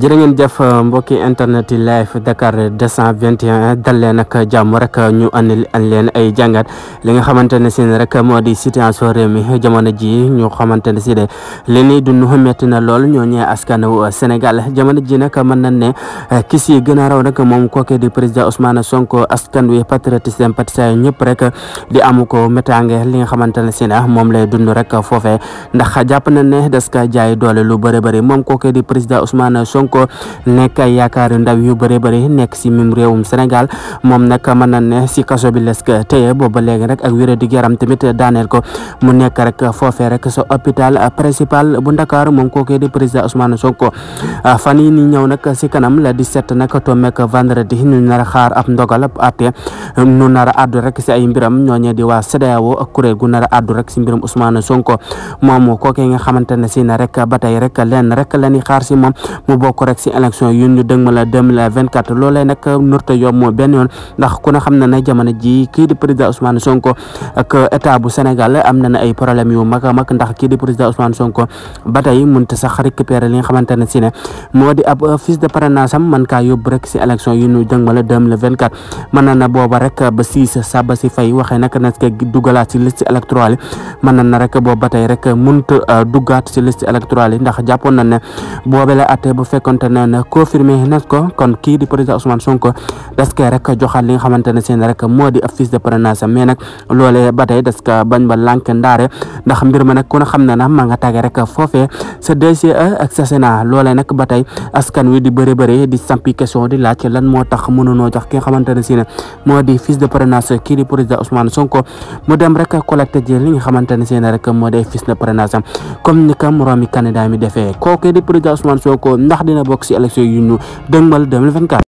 jërë ngeen jëf mbokki internet yi live Dakar 221 dal leen ak jàmm rek ñu andil leen ay jàngat li nga xamante ne si rek moo di situation réew mi jamono ji ñu xamante ne si de li ni dund metti na lool ñoo ñee askan wu Sénégal jamono ji nag mën nañ ne kis yi gën a raw nag moom kooke di président Ousmane Sonko askan wi patriote sympathisant ñëpp rek di amu ko métange li nga xamante ne si na moom lay dund rek foofee ndax jàpp nañ ne jaay doole lu bëri bëri moom kooke président Ousmane Sonko Sonko nekk ay yaakaar ndaw yu bëri bëri nekk si mim réewum Sénégal moom nag mën na ne si kaso bi lesk téye booba léegi rek ak wéra dig yaram tamit daaneel ko mu nekk rek foofee rek sa hôpital principal bu Ndakaaru moom kookee di président Ousmane Sonko ah, fan yi ni ñëw nag si kanam la di waa CEDEAO ak kuréel a addu rek si mbiram Ousmane Sonko moom kookee nga xamante ne si na rek ba tey rek lenn rek la ñuy xaar si moom bokk rek si élection yu ñu dëgmal la 2024 loolee nurta yomb moo benn yoon ndax ku ne xam na ne jamono ji kii di président Ousmane Sonko ak état bu Sénégal am na ne ay problème yu mag a ndax kii di président Ousmane Sonko ba tey mënut sax récupérer li nga xamante ne si ne moo di ab fiche de parrainage am man kaa yóbbu rek si élection yu ñu dëgmal la 2024 mën na na booba rek ba siis saba si fay waxee nag na ke dugalaat si liste électorale mën na na rek booba ba tey rek mënut euh, duggaat si liste électorale ndax fekkonte ne confirmé na ko kon kii président Ousmane Sonko das rek joxaat li nga xamante rek moo di ab de na na ma nga tàgge rek foofee sa DGE ak sa Sénat loolee nag ba tey askan wi di bëri di sampi question di laaj lan moo tax mënunoo jox ki nga xamante ne si ne moo di fiche de parrainage kii di président Ousmane Sonko mu dem rek collecté ji li nga xamante ne seen rek moo di fiche de parrainage comme ni président Ousmane Sonko ndax dina bokk si élection yu ñu dëgmal 2024